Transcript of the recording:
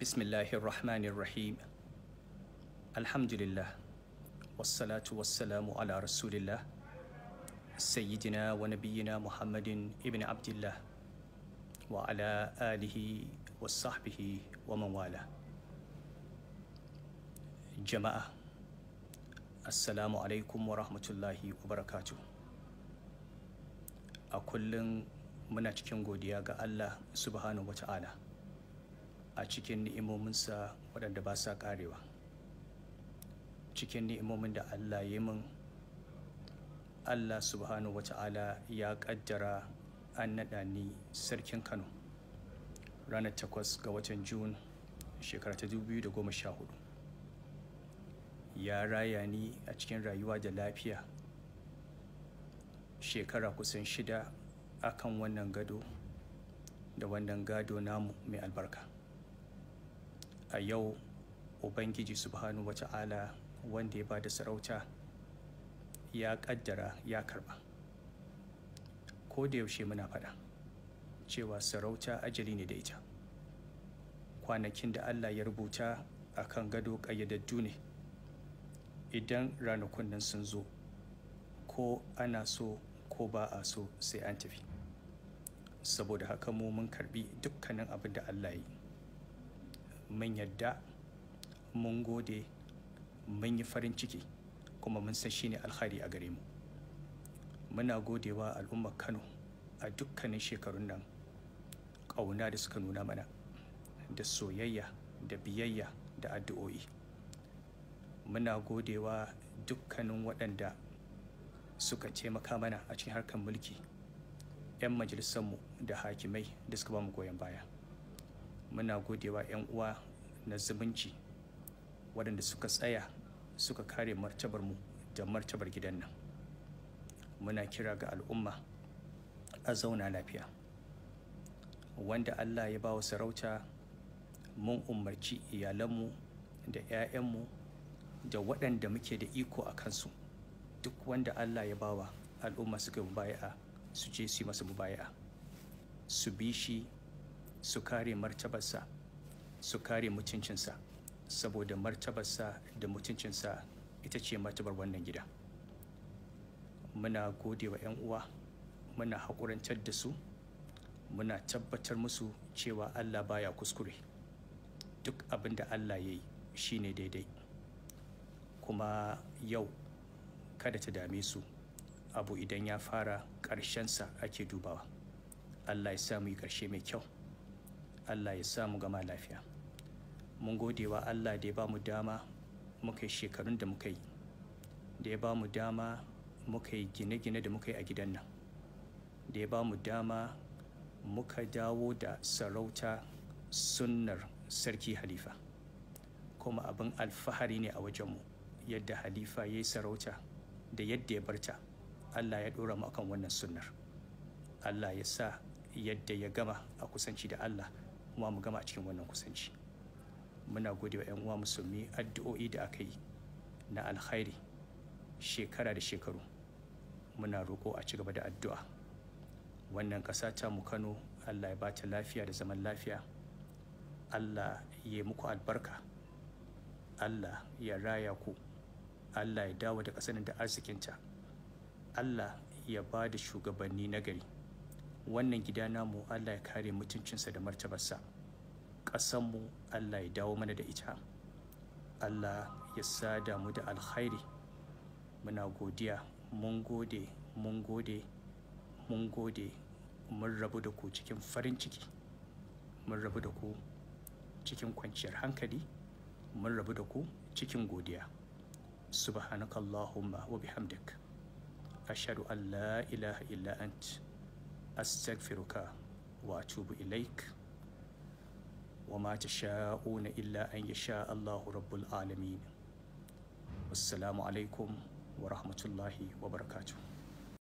bismillahir rahmanir rahim alhamdulillah Wasalatu wasalamu ala rasulillah sayyidina wa nabiyyina muhammadin ibn abdullah wa ala alihi wa sahbihi wala jama'a asalamu alaikum wa rahmatullahi wa barakatu. a kullum muna cikin godiya ga Allah subhana wa ta'ala a cikin ni'imominsa waɗanda ba sa ƙarewa cikin ni'imomin da allah yi min allah subhanahu wa ta'ala ya ƙaddara an naɗa ni sarkin kano ranar takwas ga watan jun shekara ta 2014 ya raya ni a cikin rayuwa da lafiya shekara kusan shida akan wannan gado da wannan gado namu mai albarka a yau ubangiji subhanu wa ta'ala wanda ya bada sarauta ya kaddara ya karba ko da yaushe muna faɗa cewa sarauta ajali ne da ita kwanakin da allah ya rubuta a kan gado ƙayyadaddu ne idan ranakun nan sun zo ko ana so ko ba a so sai an tafi saboda haka mu mun karbi dukkanin abin da allah ya yi mun yadda mun gode mun yi farin ciki kuma mun san shi ne alkhari a gare mu muna godewa al'ummar kano a dukkanin shekarun nan ƙauna da suka nuna mana da soyayya da biyayya da addu'o'i muna godewa dukkanin waɗanda suka taimaka mana a cikin harkar mulki 'yan majalisarmu da hakimai da suka ba mu goyon baya muna godewa 'yan uwa na zumunci waɗanda suka tsaya suka kare martabar mu da martabar gidan nan muna kira ga al'umma a zauna lafiya wanda allah ya ba wa sarauta mun umarci iyalanmu da 'ya'yanmu da waɗanda muke da iko a kansu duk wanda allah ya bawa al'umma suka mubaya'a su je su yi masa mubaya'a su bi shi su kare martabarsa su kare mutuncinsa saboda martabarsa da mutuncinsa ita ce martabar wannan gida muna gode wa 'yan uwa muna haƙurantar da su muna tabbatar musu cewa allah baya kuskure duk abin da allah ya yi shine daidai kuma yau kada ta dame su abu idan ya fara ƙarshensa ake dubawa allah ya samu yi ƙarshe mai kyau allah ya samu gama lafiya mun gode wa allah da ya ba mu dama muka yi shekarun da muka yi da ya ba mu dama muka yi gine-gine da muka yi a gidan nan da ya ba mu dama muka dawo da sarauta sunnar sarki halifa kuma abin alfahari ne a wajenmu yadda halifa ya yi sarauta da yadda ya barta allah ya ɗora mu akan wannan sunnar allah ya sa yadda ya gama a kusanci da allah kuma mu gama a cikin wannan kusanci muna gode wa 'yan uwa musulmi addu'o'i da aka yi na alkhairi shekara da shekaru muna roƙo a ci gaba da addu'a wannan ƙasa ta mu kano allah ya ba ta lafiya da zaman lafiya allah ya muku albarka allah ya raya ku allah ya dawo da ƙasar da arzikinta allah ya ba da shugabanni nagari wannan gida namu Allah ya kare mutuncinsa da martabarsa ƙasanmu Allah ya dawo mana da ita Allah ya sada mu da alkhairi muna godiya mun gode mun gode mun gode mun rabu da ku cikin farin ciki mun rabu da ku cikin kwanciyar hankali mun rabu da ku cikin godiya subhanakallahumma wa bihamdik ashhadu an la ilaha illa anta astaghfiruka wa atubu ilaik wa ma tasha'una illa an yasha Allahu rabbul alamin assalamu alaikum wa rahmatullahi wa barakatuh